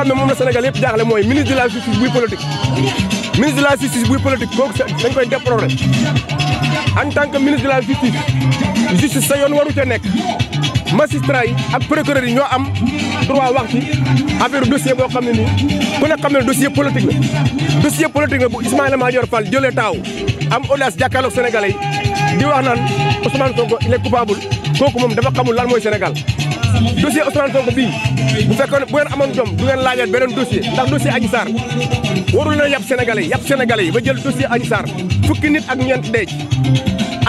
xam ne moom la Sénégal yëpp jaaxle mooy ministre de la justice buy politique ministre de la justice buy politique kooku dañ koy déplorer en tant que ministre de la justice justice sa yoon waru ca nekk magistrat yi ak procureur yi ñoo am droit wax ci affaire dossier boo xam ne nii ku ne xam ne dossier politique la dossier politique la bu Ismaïla Madior Fall jëlee taaw am audace jàkkaarloog sénégalais yi di wax naan Ousmane Sonko il est coupable kooku moom dafa xamul lan mooy Sénégal dossier Ousmane Sonko bii bu fekkoon bu ngeen amoon jom du ngeen laajaat beneen dossier ndax dossier Adji Sarr warul na yàpp Sénégalais yàpp Sénégalais yi ba jël dossier Adji Sarr fukki nit ak ñeent deej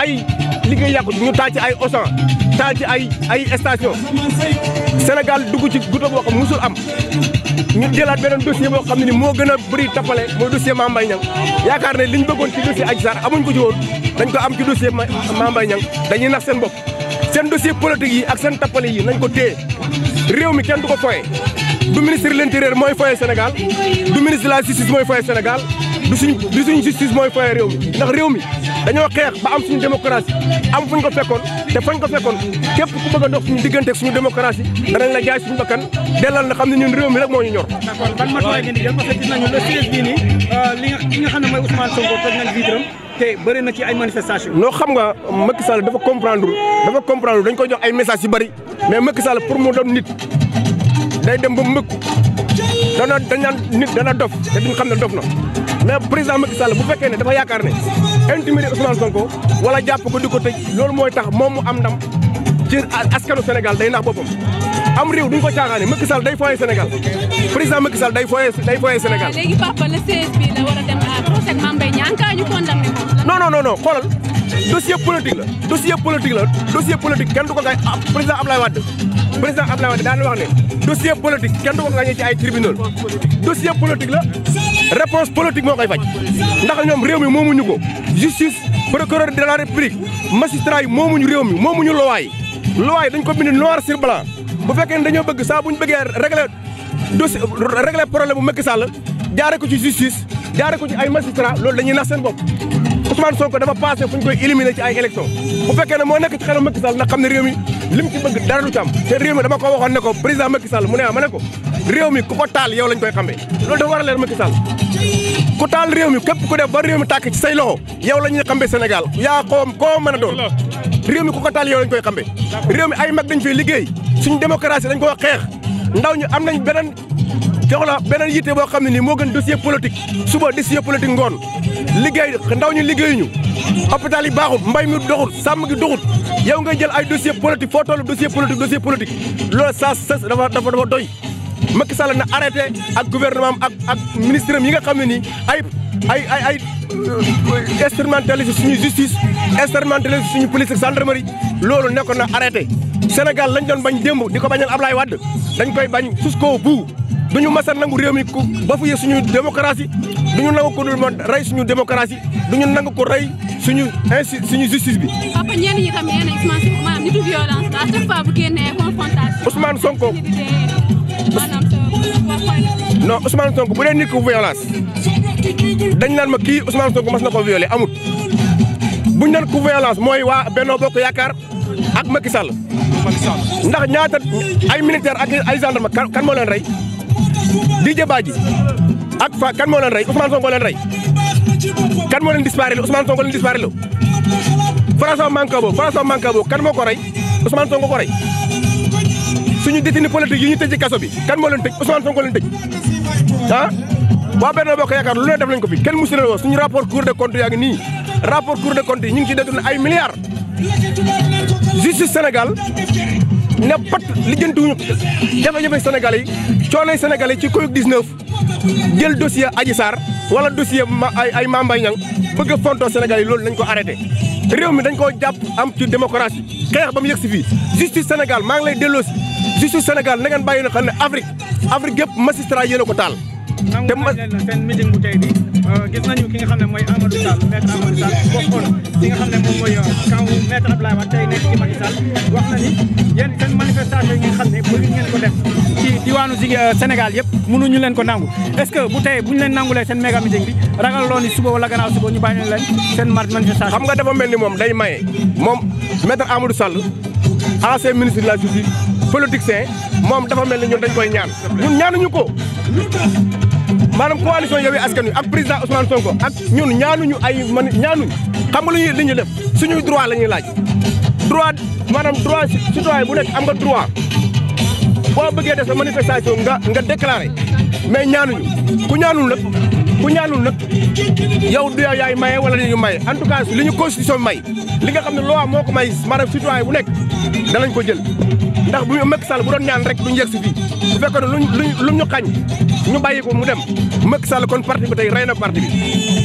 ay liggéey yàqu ñu taal ci ay Auchan taal ci ay ay station Sénégal dugg ci guddo boo xam musul am ñu jëlaat beneen dossier boo xam ne ni moo gën a bëri tappale mooy dossier Mame Mbaye Niang yaakaar ne li ñu bëggoon ci dossier Adji Sarr amuñ ko ci woon dañ ko am ci dossier Mame Mbaye Niang dañuy nax seen bopp seen dossier politique yi ak seen tappale yi nañ ko téye réew mi kenn du ko foye du ministre de mooy foye Sénégal du ministre de la justice mooy foye Sénégal du suñ du suñ justice mooy fooye réew mi ndax réew mi dañoo xeex ba am suñu démocratie am fuñ ko fekkoon te fañ ko fekkoon képp ku bëgg a dox suñu diggante suñu démocratie danañ la jaay suñu bakkan dellal na xam ne ñun réew mi rek moo ñu ñor. d'accord euh, nga xam ne mooy te bëri na ci ay manifestations. non xam nga Macky Sall dafa comprendre dafa comprendre dañ ko jox ay messages yu bari mais Macky Sall pour mu doon nit day dem ba mbëkk dana dañ naan nit dana dof te duñ xam ne dof na mais président Macky Sall bu fekkee ne dafa yaakaar ne intimider Ousmane Sonko wala jàpp ko di ko tëj loolu mooy tax moom mu am ndam ci askanu Sénégal day nax boppam. am réew duñ ko caaxaane Macky Sall day foyee Sénégal président Macky Sall day foyee day foyee Sénégal. léegi papa le CES bi la war a dem à procès Mame Mbaye Niang ka ñu condamné ko. non non non non xoolal dossier du ko gaay ah, président président Abdoulaye Wade daan wax ne dossier politique kenn du ko ay tribunal dossier politique la réponse politique moo koy faj ndax ñoom réew mi moomuñu ko justice procureur de la république magistrat moomuñu réew mi moomuñu loi yi loi ko bind noir sur blanc bu fekkee ne bëgg saa bu ñu bëggee régler dossier régler problème bu Macky Sall jaare ko ci justice jaare ko ci ay magistrat loolu dañuy nax seen bopp Ousmane Sonko dafa passé fu koy éliminer ay élection bu fekkee ne moo nekk xam ne réew lim ci bëgg dara du ci am dama ko waxoon ne ko président Macky Sall mu ne ma ne ko réew ku ko taal yow lañ koy xamee loolu dafa war a leer ku taal réew mi képp ku def ba réew mi tàkk ci say loxo yow la ñuy xamee Sénégal yaa ko koo mën a doon réew mi ku ko taal yow lañ koy xamee réew mi ay mag dañ fiy liggéey suñu démocratie dañ koo xeex ndaw ñi am nañ beneen jox beneen yitte boo xam ne nii moo gën dossier politique suba dossier politique ngoon liggéey ndaw ñu liggéeyuñu hôpital yi baaxut mbay mi doxut sàmm gi doxut yow ngay jël ay dossier politique foo toll dossier politique dossier politique loolu saa sës dafa dafa dafa doy Macky Sall na arrêté ak gouvernement am ak ak ministre am yi nga xam ne nii ay ay ay ay euh, instrumentalisé suñu justice instrumentalisé suñu police gendarmerie loolu nekkoon na arrêté senegal lañ doon bañ démb di ko bañal Ablaye Wade dañ koy bañ jusqu'au bout duñu masa nangu réew mi ku bafoué suñu démocratie duñu nangu ko dul moom rey suñu démocratie duñu nangu ko rey suñu insi suñu justice bi. papa ñenn ñi tam yéen ay nitu violence à chaque fois Sonko maanaam non Ousmane bu dee nit ku violence dañ naan ma kii Ousmane Sonko mas na ko violé amut buñ naan ku violence mooy waa Benno Bokk Yaakaar ak Macky Sall. ndax ñaata ay militaire ak ay gendarme kan moo leen rey Didier Badji ak fa kan moo rey Ousmane Sonko leen rey kan moo leen disparé lu Ousmane Sonko leen disparé lu François Mancabou François Mancabou kan moo ko rey Ousmane Sonko ko rey suñu détenu politique yi ñu tëj ci kaso bi kan moo leen tëj Ousmane Sonko leen tëj ah waa Benno Bokk Yaakaar lu ne def nañ ko fi kenn musu leen woo suñu rapport Cour des comptes yaa ngi nii rapport Cour des comptes yi ñu ngi ciy dégg ay milliards senegal justice Sénégal ne pat lijjantiwuñu jafe-jafe Sénégal yi coonay Sénégal yi ci Covid 19 jël dossier Adji Sarr wala dossier ay ay Mame Mbaye Niang bëgg a fontoo Sénégal yi loolu nañ ko arrêté. réew mi dañ koo jàpp am ci démocratie xeex ba mu yëg si fii justice Sénégal maa ngi lay delloosi justice Sénégal na ngeen bàyyi na xam ne Afrique Afrique yëpp magistrat yéen a ko taal. te ma seen meeting bu euh, ne mooy Amadou Sall euh, na ni yéen seen manifestation yi nga xam ne bëgg ngeen ko def ci diwaanu euh, leen ko nangu est-ce que bu tey bu ñu leen nangulee seen méga meeting bi ragal loo ni suba wala gannaaw suba ñu bàyyi leen seen manifestation xam nga dafa mel ni moom day maye moom maître Amadou Sall ancien ministre de la justice politicien moom dafa mel ni ñun dañ koy ñaan ñun ñaanuñu ko maanaam coalition Yewwi Askan Wi ak président Ousmane Sonko ak ñun ñaanuñu ay man ñaanuñu xam nga lu ñuy li ñu def suñuy droit la ñuy laaj droit maanaam droit citoyen bu nekk am nga droit boo bëggee def sa manifestation nga nga déclaré mais ñaanuñu ku ñaanul nag ku ñaanul na yow du yow yaay maye wala ñu maye en tout cas li ñu constitution bi may li nga xam ne loi moo ko may maanaam citoyen bu nekk danañ ko jël ndax bu Macky Sall bu doon ñaan rek duñ yegg si fii bu fekkoon ne luñ luñ ñu xañ ñu bàyyi ko mu dem Macky Sall kon parti bi tey rey na parti bi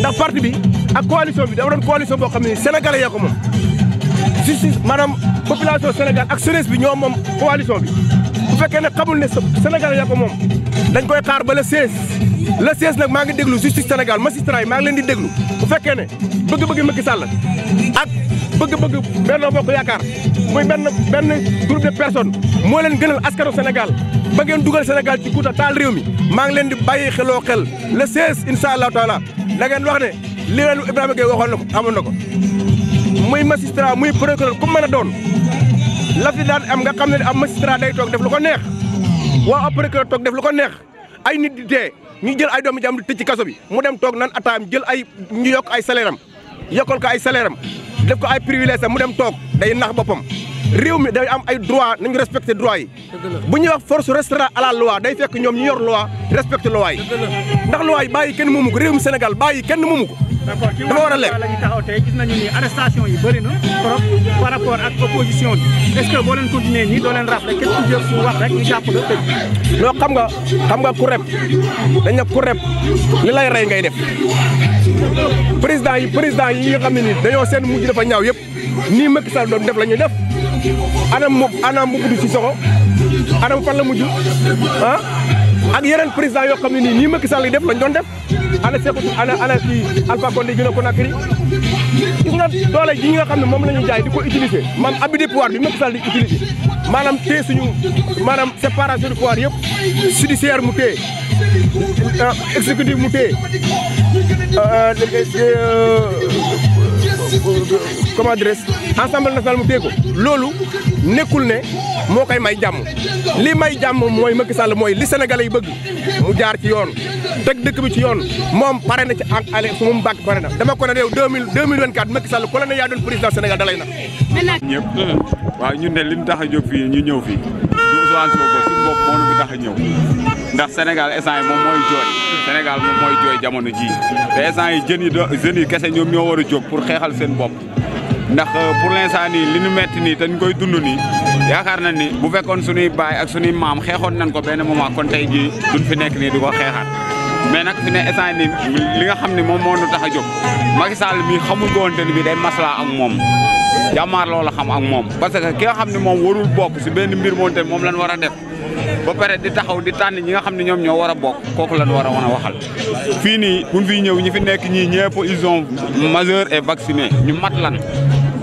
ndax parti bi ak coalition bi dafa doon coalition boo xam ne sénégalais yaa ko moom justice maanaam population Sénégal ak jeunesse bi ñoo moom coalition bi bu fekkee ne xamul ne sénégalais yaa ko moom dañ koy xaar ba le 16 le 16 nag maa ngi déglu justice Sénégal magistrat yi maa ngi leen di déglu bu fekkee ne bëgg-bëgg Macky Sall ak bëgg-bëgg Benno Bokk Yaakaar muy benn benn groupe de personnes moo leen gënal askanu senegal ba ngeen dugal Sénégal ci guuta taal réew maa ngi leen di bàyyi xeloo xel le 16 incha allahu taala da ngeen wax ne li leen Ibrahima Gueye waxoon na ko amoon na ko muy magistrat muy procureur ku mën a doon la fi daan am nga xam ne am magistrat day toog def lu ko neex waa procureur toog def lu ko neex ay nit di dee ñu jël ay doomu jàmbur tëj ci kaso bi mu dem toog nan ataam jël ay ñu yokk ay salaire am yokkal ko ay salaire am def ko ay privilège mu dem toog day nax boppam réew mi day am ay droit nañu respecté droit yi bu ñuy wax force restera à la loi day fekk ñoom ñu yor loi respecté loi yi ndax baa yi bàyyi kenn moomu ko réew mi Sénégal bàyyi kenn moomu ko dafa war a lekk la ñu taxaw tey gis nañu ni arrestation yi bëri na trop par rapport ak opposition bi est-ce que boo leen continuer nii doo leen raf rek képp ku jëf su wax rek ñu jàpp xam nga xam nga ku rep dañ ne ku rep li lay rey ngay def président yi président yi nga xam ne ni dañoo seen mujj dafa ñaaw yëpp nii Macky sa doon def la ñuy def anam moom anam bu gudd Cissokho anam fan la mujj ah ak yeneen président yoo xam ne nii nii Macky Sall yi def lañ doon def ana Sékou ana ana kii Alpha Condé Guinée Conakry gis nga doole nga xam ne moom la jaay di ko utiliser man abus de pouvoir bi Macky Sall di utiliser maanaam téye suñu maanaam séparation du pouvoir yëpp judiciaire mu téye ah, exécutif mu téye ah, ah, euh, comment dirais ensemble national mu téye ko loolu nekkul ne moo koy may jàmm li may jàmm mooy Macky Sall mooy li sénégalais yi bëgg mu jaar ci yoon teg dëkk bi ci yoon moom pare na ci ak ale su mu bàkk pare na dama ko ne réew deux mille deux mille vingt quatre yaa doon président Sénégal dalay na ñëpp waaw ñun de li ñu tax a jóg fii ñu ñëw fii du Ousmane Sonko suñu bopp moo ñu fi ñëw ndax Sénégal instant yi moom mooy jooy Sénégal moom mooy jooy jamono ji te instant yi jeunes yi jeunes yi kese ñoom ñoo war a jóg pour xeexal seen bop ndax euh, pour l'instant nii li ñu metti nii te koy dund nii yaakaar na ni bu fekkoon suñuy baay ak suñuy maam xeexoon nañ ko benn moment kon tey jii duñ fi nekk nii di ko xeexaat mais nag fi ne instant ni li nga xam ne moom moo nu tax a jóg Macky Sall mii xamul ko woon te ni bii day maslaa ak moom jàmmaar loola xam ak moom parce que ki nga xam ne moom warul bokk si benn mbir moom te moom lañ war a def ba pare di taxaw di tànn ñi nga xam ne ñoom ñoo war a bokk kooku lañ war a mën a waxal fii nii buñ fiy ñëw ñi fi nekk ñii ñëpp ils sont majeurs et vaccinés ñu mat lan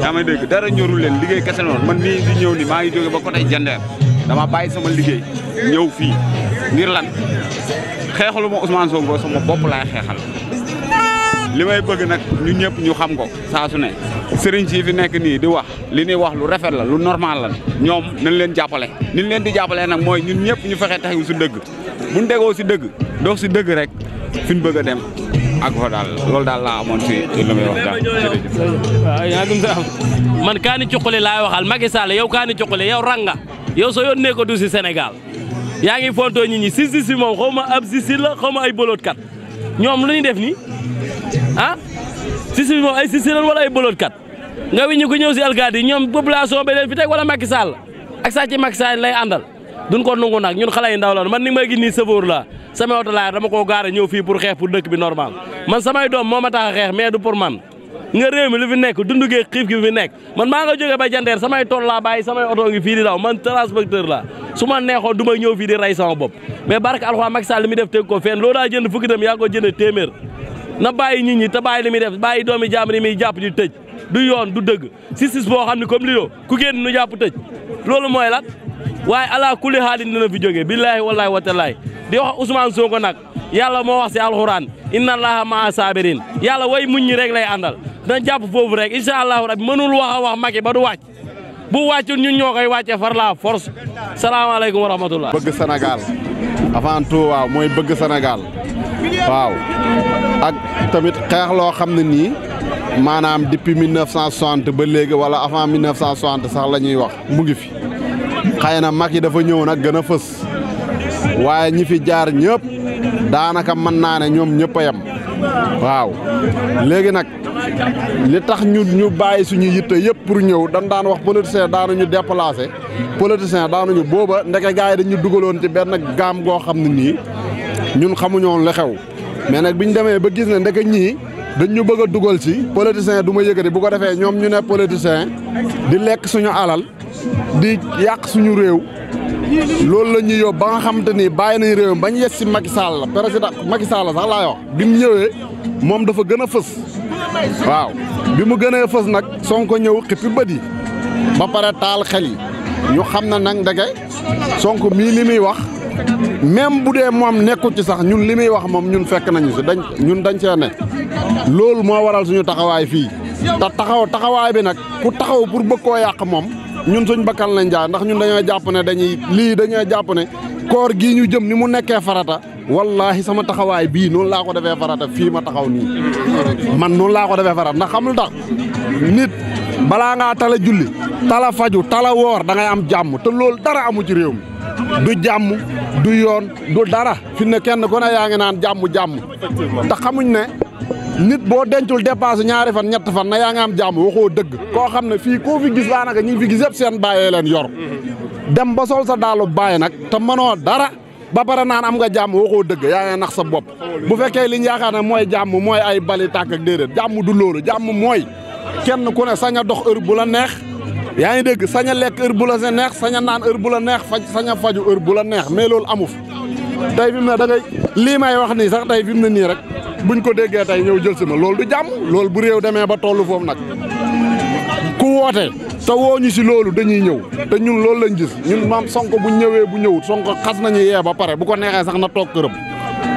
yaa may dégg dara ñorul leen liggéey kese noonu man ñëw ni maa ngi jóge ba côté Jandeer dama bàyyi sama liggéey ñëw fii ngir lan xeexalu ma Ousmane Sonko sama bopp laay xeexal li may bëgg nag ñu ñëpp ñu xam ko saa su ne sëriñ si fi nekk nii di wax li ñuy wax lu rafet la lu normal la ñoom nañ leen jàppale ni leen di jàppalee nag mooy ñun ñëpp ñu fexe taxawu si dëgg buñ degoo si dëgg dox si dëgg rek fi ñu bëgg a dem ak fa daal loolu daal laa amoon si li may wax daal man Kaani Cuqali laay waxal Macky Sall yow Kaani Cuqali yow ranga yow so yónnee du si Sénégal yaa ngi fontoo nit ñi si si si xaw ma ab si la xaw ma ay bëlootkat ñoom lu ñu def nii ah si si moom ay si si la wala ay bëlootkat nga wiñu ko ñëw si alkaati yi ñoom population bi leen fi teg wala Macky Sall ak saa ci Macky Sall lay àndal duñ ko nungu nag ñun xale yi ndaw la man ni may gis nii sëfoor laa sama oto laa dama koo gaare ñëw fii pour xeex pour dëkk bi normal man samay doom moo ma tax a xeex mais du pour man nga réew mi lu fi nekk dundu gee xiif fi nekk man maa nga jógee ba jandeer samay tool laa bàyyi samay oto ngi fii di daw man transporteur laa su ma neexoon du ma ñëw fii di rey sama bopp mais barke alxuraan Macky Sall li muy def teg ko fenn loo daa jënd fukki téeméer na bàyyi nit ñi te bàyyi li muy def bàyyi doomi jaamur yi muy jàpp di tëj du yoon du dëgg si sis boo xam ne comme li ku génn nu jàpp tëj loolu mooy lan waaye ala kulli xaalin dina fi jógee billaahi wallaahi wa taalaa di wax Ousmane Sonko nag yàlla moo wax si alxuraan inna allaha maa sabirin yàlla way muñ ñi rek lay àndal na jàpp foofu rek incha allahu rabi mënul wax a wax Macky ba du wàcc bu wàccul ñun ñoo koy wàccee farlaa la force salaamaaleykum wa rahmatullah bëgg Sénégal avant waaw mooy bëgg senegaal waaw ak tamit xeex loo xam ne nii maanaam depuis 1960 ba léegi wala avant 1960 sax la ñuy wax mu ngi fi xëy na Macky dafa ñëw nag gën a fës waaye ñi fi jaar ñëpp daanaka mën naa ne ñoom ñëpp a waaw léegi nag. li tax ñu ñu bàyyi suñu yitte yëpp pour ñëw dañ daan wax politicien daanuñu déplacé politicien daanuñu booba ndeke gars yi dañu dugaloon ci benn gaam goo xam ne nii ñun xamuñoo la xew mais nag bi ñu demee ba gis ne ndeke ñii dañ ñu bëgg a dugal ci politicien du ma yëkkati bu ko defee ñoom ñu ne politicien di lekk suñu alal di yàq suñu réew loolu la ñuy yóbbu ba nga xamante ni bàyyi nañ réew bañ yes si Macky Sall la président Macky Sall la sax laay wax bi mu ñëwee moom dafa gën a fës waaw bi mu gënee fës nag sonk ñëw xippi bët yi ba pare taal xel yi ñu xam na nag ndege sonk mii li muy wax même bu dee moom nekkul ci sax ñun li muy wax moom ñun fekk nañu si dañ ñun dañ cee ne loolu moo waral suñu taxawaay fii te taxaw taxawaay bi nag ku taxaw pour bëgg koo yàq moom ñun suñ bakkan lañ jaay ndax ñun dañoo jàpp ne dañuy lii dañoo jàpp ne koor gii ñu jëm ni mu nekkee farata wallaahi sama taxawaay bii noonu laa ko defee farata fii ma taxaw nii man noonu laa ko defee farata ndax xamul tax nit balaa ngaa tala julli tala faju tala woor da am jàmm te lool dara amu ci réew mi du jàmm du yoon du dara fi ne kenn ku ne yaa ngi naan jàmmu jàmm te xamuñ ne nit boo dencul dépassé ñaari fan ñetti fan na yaa ngi am jàmm koo dëgg koo xam ne fii koo fi gis daanaka ñi fi gis yëpp seen bàyyee leen yor dem ba sol sa daalu bàyyi nag te mënoo dara ba pare naan am nga jàmm waxoo dëgg yaa ngi nax sa bopp bu fekkee li ñu yaakaar ne mooy jàmm mooy ay bali tàkk ak déedéet jàmm du loolu jàmm mooy kenn ku ne sañ a dox heure bu la neex yaa ngi dégg sañ a lekk heure bu la neex sañ a naan heure bu la neex faj sañ a faju heure bu la neex mais loolu amu fi tey fi mu ne da ngay lii may wax nii sax tey fi mu ne nii rek buñ ko déggee tey ñëw jël si ma loolu du jàmm lool bu réew demee ba tollu foofu nag ku woote te woo ñu si loolu dañuy ñëw te ñun loolu lañ gis ñun maam sonk bu ñëwee bu ñëwut sonk xas nañu yee ba pare bu ko neexee sax na toog këram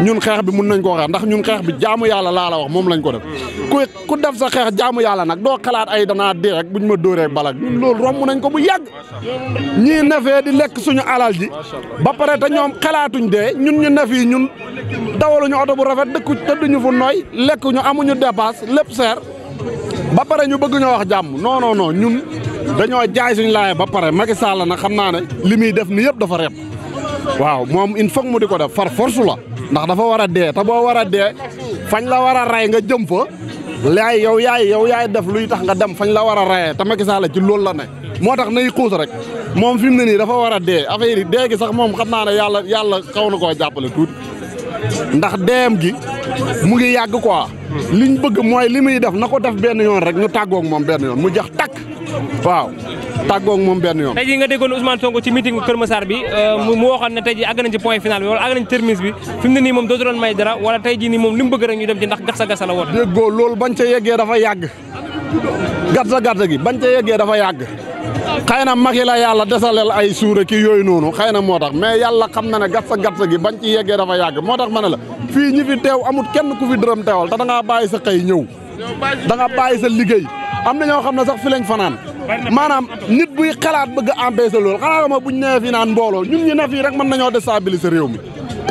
ñun xeex bi mun nañ ko xeex ndax ñun xeex bi jaamu yàlla laala la wax moom lañ ko def ku ku def sa xeex jaamu yàlla nag doo xalaat ay danaa di rek buñ ma dóoree balak ñun loolu romb nañ ko bu yàgg ñii nefee di lekk suñu alal ji ba pare te ñoom xalaatuñ dee ñun ñu nef yi ñun dawaluñu oto bu rafet dëkku tëdduñu fu nooy lekkuñu amuñu dépasse lépp seer ba pare ñu bëgg ñoo wax jàmm non non non dañoo jaay suñu laay ba pare Macky Sall nag xam naa ne li muy def ni yëpp dafa rep waaw moom il faut mu di ko def far force la ndax dafa war a dee te boo war a dee fañ la war a ray nga jëm fa laay yow yaay yow yaay def luy tax nga dem fañ la war a reyee te Macky Sall ci lool la ne moo tax nay xuus rek moom fi mu ne nii dafa war a dee affaire yi dee gi sax moom xam naa ne yàlla yàlla xaw na koo jàppale tuuti ndax deem gi mu ngi yàgg quoi liñ bëgg mooy li muy def ko def benn yoon rek ñu waaw tàggoog moom benn yoon. tey jii nga déggoon Ousmane Sonko ci meeting bu Kër bi euh, mu waxoon ne tey jii àgg nañ ci point final bi wala àgg nañ ci terminus bi fi mu ne nii moom dootu doon may dara wala tey jii nii moom li mu bëgg rek ñu dem ci ndax gasa gasa la woote. déggoo loolu bañ ca yeggee dafa yàgg gàtta gàtta gi bañ ca yeggee dafa yàgg xëy ay suure yooyu noonu xëy na moo tax mais yàlla xam na ne gàtta gàtta gi bañ ci yeggee dafa yàgg moo tax ma ne la fii ñi fi teew amut kenn ku fi dërëm teewal te da ngaa bàyyi sa xëy ñëw da nga bàyyi sa liggéey am nañoo xam na sax fi lañ fanaan maanaam nit buy xalaat bëgg a loolu xanaa nga ma buñ nee fi naan mbooloo ñun ñu ne fii rek mën nañoo déstabiliser réew mi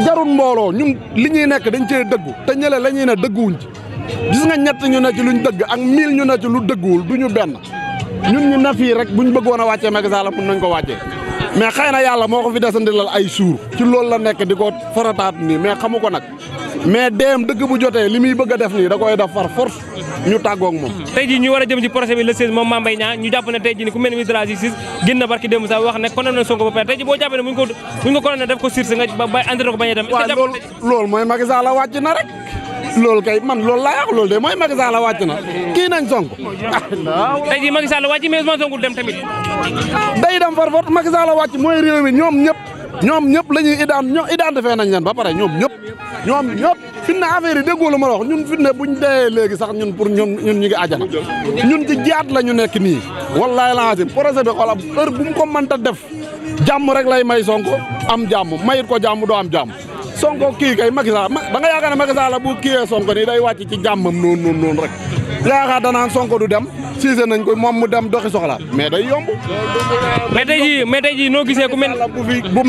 jarul mbooloo ñun li ñuy nekk dañ cee dëggu te ñële la ñuy ne dëgguwuñ ci gis nga ñett ñu ne ci luñ dëgg ak mille ñu ne ci lu dëgguwul du ñu benn ñun ñu ne fii rek buñ bëggoon a wàccee Macky Sall mën nañ ko wàccee mais xëy na yàlla moo ko fi desandilal ay suur ci loolu la nekk di ko farataat nii mais xamu ko nag mais deem dëgg bu jotee li muy bëgg a def nii da koy def par force ñu tàggoog moom tey jii ñu war a jëm ci procès bi le 16 moom Mame Mbaye Niang ñu jàpp ne tey jii ni ku mel ni ministre de la justice génn na barki démb sax wax ne condamné Sonko ba pare ko bu ñu ko ko sursis nga ba entré ko mooy Macky wàcc na rek loolu kay man loolu laa wax loolu de mooy Macky wàcc na kii nañ Sonko tey jii Macky wàcc mais Ousmane Sonko dem tamit day dem par force Macky ñoom ñëpp la ñuy idaan ñoom identifié nañ leen ba pare ñoom ñëpp ñoom ñëpp fin na affaire yi déggoo la ma wax ñun fin na buñ dee léegi sax ñun pour ñun ñun ñu ngi àjjana ñun ji jaat la ñu nekk nii wallaay lancim projet bi xoolal heure bu mu ko def jàmm rek lay may sonko am jàmm mayit ko jàmm doo am jàmm sonko kii kay Macky Sall da nga yaakaar ne Macky Sall la bu kiiyee sonko nii day wàcc ci jàmmam noonu noonu noonu rek yaakaar danaan sonko du dem siise nañ ko moom mu dem doxi soxla mais day yomb. mais tey jii mais tey jii noo gisee ku mel. bu fi bu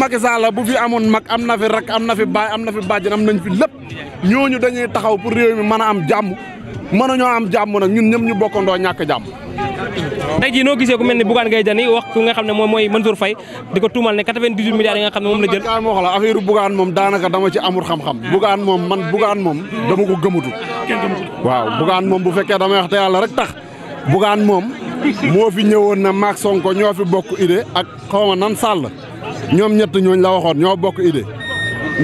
bu fi amoon mag am na fi rak am na fi baay am na fi bàjjen am nañ fi lépp taxaw pour réew mi a am jàmm mën a ñoo am jàmm nag ñun ñëpp ñu bokkandoo nga xam ne moom mooy Mansour Faye di ko tuumal ne 98 milliards yi nga xam ne moom la jël. waaw moo moom daanaka dama ci amul xam-xam. Bougane moom man Bougane moom dama ko gëmatu. waaw Bougane moom bu fekkee damay wax yàlla rek tax Bougane moom moo fi ñëwoon na maak Sonko ñoo fi bokk idée ak xaw ma nan sàll ñoom ñett ñooñ la waxoon ñoo bokk idée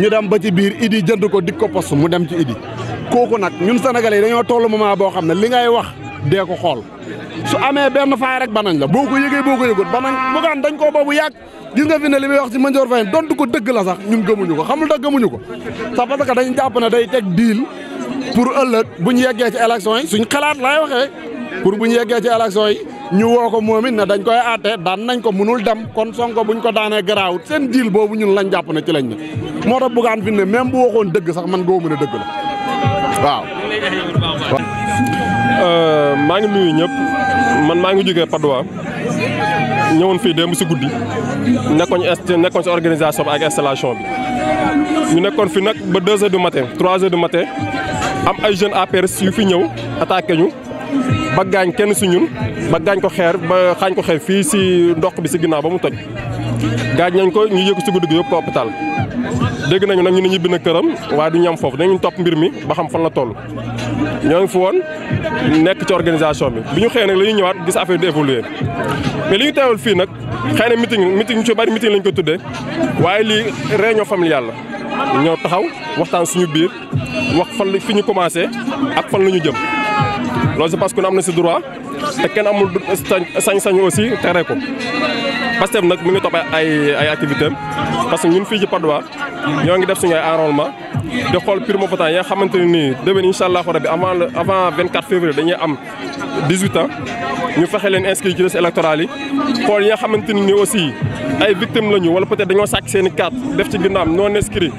ñu dem ba ci biir idi jënd ko dik ko post mu dem ci idi kooku nag ñun senegal yi dañoo toll moment boo xam ne li ngay wax dee ko xool su amee benn faay rek banañ la boo ko yëgee boo ko yëgut banañ Bougane dañ koo bu yàgg gis nga fi ne li muy wax ci Mandior Faye donte ko dëgg la sax ñun gëmuñu ko xamul tax gëmuñu ko sax parce que dañ jàpp ne day teg diil pour ëllëg bu ñu yeggee ci élection yi suñ xalaat lay waxee pour bu ñu yeggee ci élection yi ñu woo ko moom it ne dañ koy àtte daan nañ ko mënul dem kon son bu buñ ko daanee garaawut seen diil boobu ñun lañ jàpp ne ci lañ ne moo tax bugaan fi ne même bu waxoon dëgg sax man goo mën a dëgg la waaw. Euh, maa ngi nuyu ñëpp man maa ngi jógee Padoa ñëwoon fii démb si guddi nekkoon ci nekkoon si organisation bi ak installation bi ñu nekkoon fi nag ba 2 heures du matin 3 heures du matin am ay jeune APR yu fi ñëw attaqué ñu. ba gaañ kenn su ñun ba gaañ ko xeer ba xaañ ko xeer fii si ndox bi si ginnaaw ba mu toj gaañ nañ ko ñu yëpp si guddi gi yëpp ko hôpital dégg nañu nag ñu ne ñibbi na këram waaye du ñu am foofu dañu topp mbir mi ba xam fan la toll ñoo ngi fi woon nekk ci organisation bi bu ñu xëyee nag la ñu ñëwaat gis affaire du évoluer mais li ñu teewal fii nag xëy na meeting meeting ñu ci bari meeting lañ koy tuddee waaye lii réunion familiale la ñoo taxaw waxtaan suñu biir wax fan fi ñu commencé ak fan la ñu jëm loolu je pense que am na si droit te kenn amul sañ sañ aussi tere ko Pastef nag mu ngi topp ay ay parce que ñun fii ci Patte d'Oie ñoo ngi def suñu ay enrôlement di xool primo votant yi nga xamante ne nii déwén incha allah rabi avant le avant 24 février dañuy am 18 ans ñu fexe leen inscrire ci liste électorale yi xool yi nga xamante ne nii aussi. ay victimes la ñu wala peut dañoo sàcc seeni i def ci ginnaam non inscrit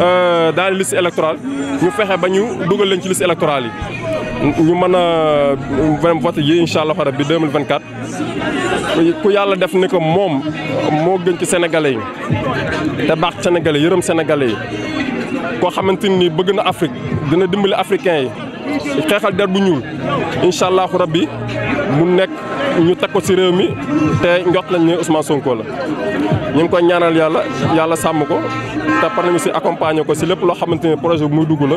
euh, dans les listes électorales ñu fexe ba ñu dugal leen ci liste électorale yi ñu mën a euh, vote yi incha allah rabbi 2024 ku yàlla def ni ko moom moo gën ci sénégalais yi te baax sénégalais yërëm sénégalais yi koo xamante ni bëgg na Afrique dina dimbali africain yi xeexal der bu ñuul incha allahu bi mu nekk ñu teg ko ci réew mi te njort nañ ne Ousmane la ñu ngi koy ñaanal yàlla yàlla sàmm ko te par nañu ci accompagner ko ci lépp loo xamante ni projet bi muy dugg la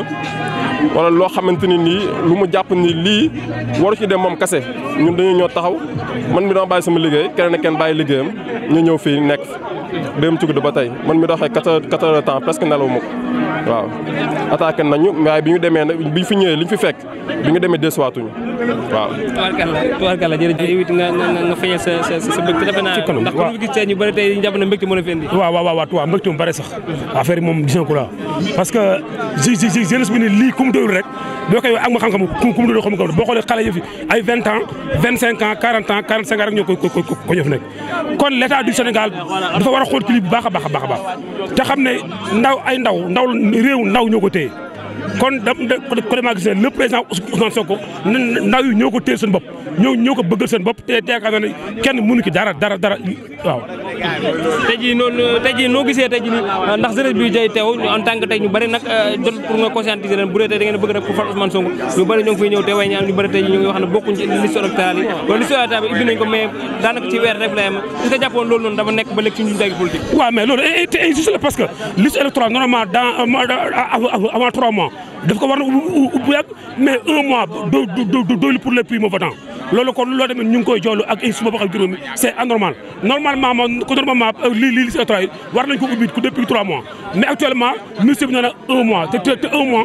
wala loo xamante ni nii lu mu jàpp ni lii waru ci dem moom kase ñu dañu ñoo taxaw man mi dama bàyyi sama liggéey keneen ak kenn bàyyi liggéeyam ñu ñëw fii nekk fi dem ci guddi ba tey man mi doxee quatre heures temps presque nelaw ma ko waaw attaqué nañu waaye bi ñu demee nag bi ñu fi ñëwee li ñu fi fekk bi ñu demee desuwaatuñu waaw. tubaarkàlla tubaarkàlla jërëjëf yow it nga nga nga feeñal sa sa sa bëgg defe naa. ci kanam waaw ndax ku gis ñu bëri tey ñu jàpp ne mbégte moo la fi indi. waaw waaw waaw waaw mbégte mu bëri sax affaire yi moom gis na ko la parce que je je je jeunesse bi ne lii ku mu doyul rek doo koy wax ak ma xam-xam ku mu doyul xam nga boo xoolee xale yi fi ay 20 ans 25 ans 40 ans 45 ans rek ñoo ko ko ko ñëf nekk kon l' état du Sénégal dafa war a xool ci lii bu baax a baax a baax te xam ne ndaw ay ndaw ndaw réew ndaw ñoo ko téye kon da côté Macky Sall le président Ousmane Sonko ndaw yi ñoo ko téye seen bopp ñoo ñoo ko bëggal seen bopp te yaakaar naa ne kenn mënu ki dara dara dara waaw tey jii noonu tey jii noo gisee tey jii nii ndax jeunesse bi jay teew en tant que tey ñu euh, jot pour nga conscientiser leen bu ngeen bëgg nag pour fal Ousmane Sonko ñu bëri ñoo ngi ñëw te way ñaan ñu bëri tey ñu ngi wax ne bokkuñ ci liste électorale yi loolu liste électorale ko mais daanaka ci weer rek la yem que jàppoon loolu noonu dafa nekk ba léegi ci ñu dagg politique waaw mais loolu c'est injuste parce que liste électorale normalement dans euh, avant trois daf ko war na ubbi bu yàgg mais un mois do doylu pour les prix moo loolu kon loolu tamit ñu ngi koy joolu ak institut boobu xam juróomi c' est anormal normalement moom ko normalement li li li si war nañ ko ubbi depuis trois mois mais actuellement ministre bi nee na te te un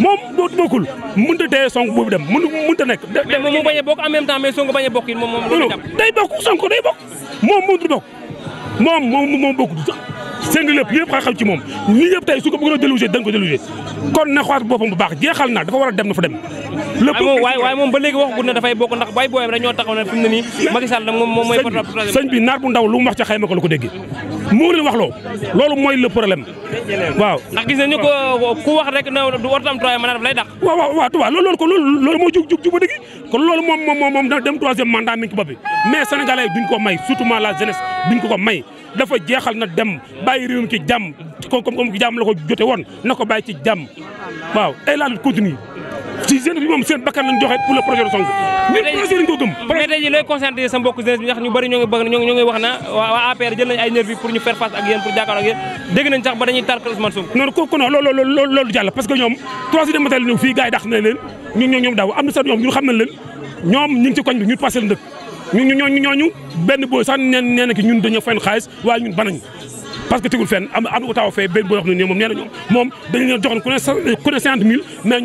moom boo bokkul mënut a téye Sonko boobu dem mënut mënut a nekk. mais moom mu bañ a bokk en même temps mais Sonko bañ a bokk it moom moom. loolu day bokk Sonko day bokk seen lépp yëpp xay xaw ci moom lii yëpp tey su ko bëggoon a délogé dañ ko kon na xoolaat boppam bu baax jeexal na dafa war a dem na fa dem lépp waaye waaye moom ba léegi waxagul ne dafay bokk ndax waaye booyam rek ñoo taxaw ne fi mu ne moom moom lu mu wax ca xayma ko la ko dégg moo leen wax loo loolu mooy le problème waaw ndax gis nañu ko ku rek na du warta am troisième mandat daf lay dàq moo jug jug ba bi mais sénégalais duñ ko may surtout la jeunesse duñ ko may dafa jeexal na dem bàyyi réew mi ci jàmm ko comme ki jàmm la ko jote woon na ko bàyyi ci jàmm waaw et la lutte continue ci moom seen bakkan lañ joxe pour le projet de Sonko ñun projet na waa APR jël nañ ay nervi pour ñu ba dañuy tàrkal Ousmane Sonko que ñoom trois de matin la ñoom daaw am na sax ñoom ñun xam nañ leen ñoom ñu ci koñ bi ñun passé la ñun ñu ñooñu ñooñu benn booy sax nee nee na ki ñun dañoo fenn xaalis waaye ñun banañ parce que tegul fenn am am utaaw fee benn booy wax ne ne moom nee na ñoom moom dañu leen joxoon ku ne ku ne cinquante mille mais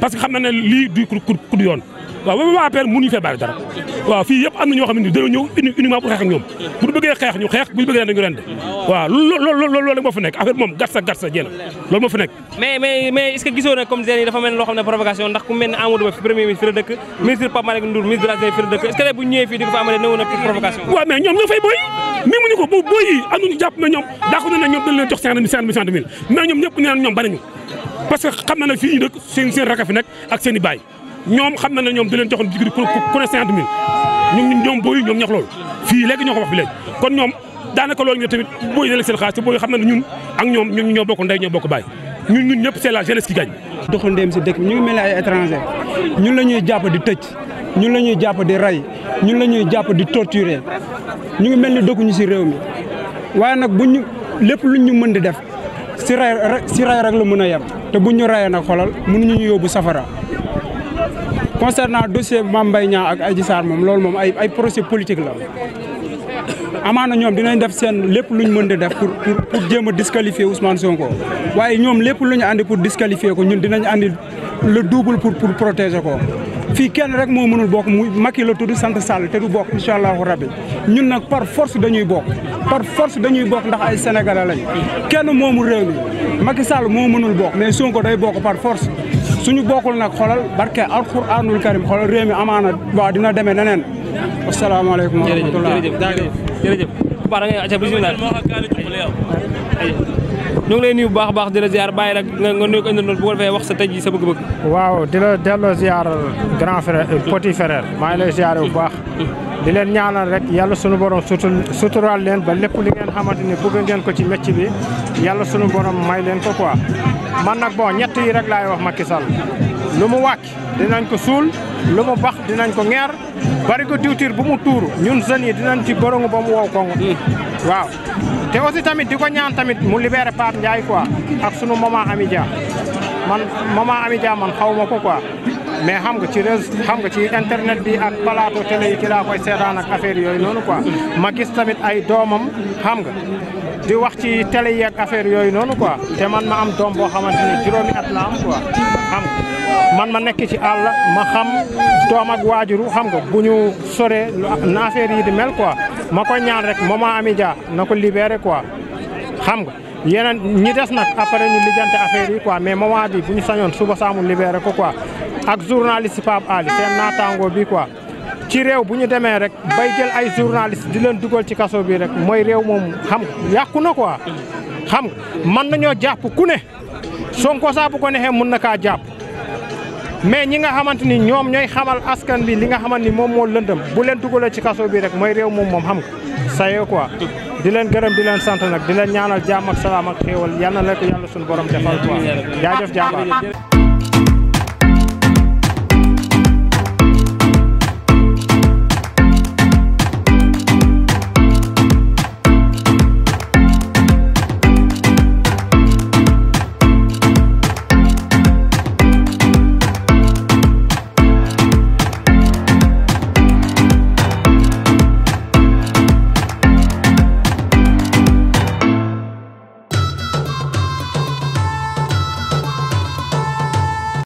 parce que xam na ne lii du ku du yoon waaw ba waa APR mënuñu fee bàyyi dara waaw fii yëpp am na ñoo xam ne dañoo ñëw xeex ñoom bu ñu bëggee loolu moo fa mais mais mais est comme deni ne provocation ndax ku mel ne Ba premier ministre fi la dëkk ministre ministre provocation waaw mais ñoom ñoo fay booy mi mu ñu ko bu booy yi am nañu ñoom daa ko ne ñoom ñoom ñëpp nee ñu parce xam na ne fii ñu dëkk seen seen fi nekk ak seen baay ñoom xam na ne ñoom du leen joxoon digri ku ne cinquante mille ñoom ñoom booyu ñoom ñax loolu fii léegi ñoo ko wax fi léegi kon ñoom daanaka loolu tamit booy ne seen xaalis te booy xam na ne ñun ak ñoom ñun ñoo bokk ndey ñoo bokk baay ñun ñun ñëpp c'est la jeunesse qui gagne doxandéem si dëkk ñu ngi mel ni ñun la ñuy jàpp di tëj ñun la ñuy jàpp di rey ñun la ñuy jàpp di torturer ñu ngi mel ni dëkkuñu si réew mi waaye nag bu ñu lépp lu ñu mën di def si ray si rek la mën a yem te buñ ñu rayee nag xolal mënuñu ñu yóbbu safara concernant dossier Mame Mbaye Niang ak Adji Sarr moom loolu moom ay ay procès politique la amaana ñoom dinañ def seen lépp luñ mën di def pour pour pour jéem a disqualifier Ousmane Sonko waaye ñoom lépp lu ñu andi pour disqualifier ko ñun dinañ andi le double pour pour protéger ko. fi kenn rek moo mënul bokk muy Macky la tudd sant Sall te du bokk incha allahu rabbi ñun nag par force dañuy bokk par force dañuy bokk ndax ay sénégalais lañ kenn moomu réew mi Macky Sall moo mënul book mais Sonko day bokk par force. suñu bokkul nag xoolal barke alxuraanul karim xoolal réew mi amaana waaw dina demee neneen asalaamaaleykum wa rahmatulah jërëjëf ñu ngi lay nuyu bu baax baax di la ziar bàyyi rek nga wax sa tëj yi sa bëgg-bëgg. waaw di la delloo ziar grand frère petit frère maa ngi lay ziar bu baax. di leen ñaanal rek yàlla sunu borom sutu suturaal leen ba lépp li bëgg ngeen ko ci métier bi yàlla sunu borom may leen ko quoi. man nag bon ñett rek laay wax Macky Sall lu mu wàcc dinañ ko suul lu mu bax dinañ ko ŋeer bari ko diwtiir bu mu tuuru ñun jeunes yi dinañ ci borongu ba mu wow koŋ hmm. waaw te aussi tamit di ko ñaan tamit mu libéré Pape Ndiaye quoi ak sunu maman Amidia man maman Amidia man xaw ko quoi. mais xam nga ci réseau xam nga ci internet bi ak plateau télé yi ci laa koy seetaan ak affaire yooyu noonu quoi ma gis tamit ay doomam xam nga di wax ci télé yi ak affaire yooyu noonu quoi te man ma am doom boo xamante ne juróomi at la am quoi xam nga man ma nekk ci àll ma xam doom ak waajuru xam nga bu ñu soree na affaire yi di mel quoi ma koy ñaan rek moment Amy Dia na ko libéré quoi xam nga yeneen ñi des nag après ñu lijjante affaire yi quoi mais moment bi bu ñu sañoon suba saamu libéré ko quoi ak journaliste Pape Ali naa naataango bi quoi ci réew bu ñu demee rek bay jël ay journaliste di leen dugal ci kaso bi rek mooy réew moomu xam yàqu na quoi xam man nañoo jàpp ku ne Sonko saa bu ne neexee mën na kaa jàpp mais ñi nga xamante ni ñoom ñooy xamal askan bi li nga xamante ni moom moo lëndëm bu leen dugalee ci kaso bi rek mooy réew moom moom xam nga sayoo di leen gërëm di leen sant nag di leen ñaanal jaam ak salaam ak xéewal yal na la ko yàlla suñu borom defal quoi jaajëf jàmm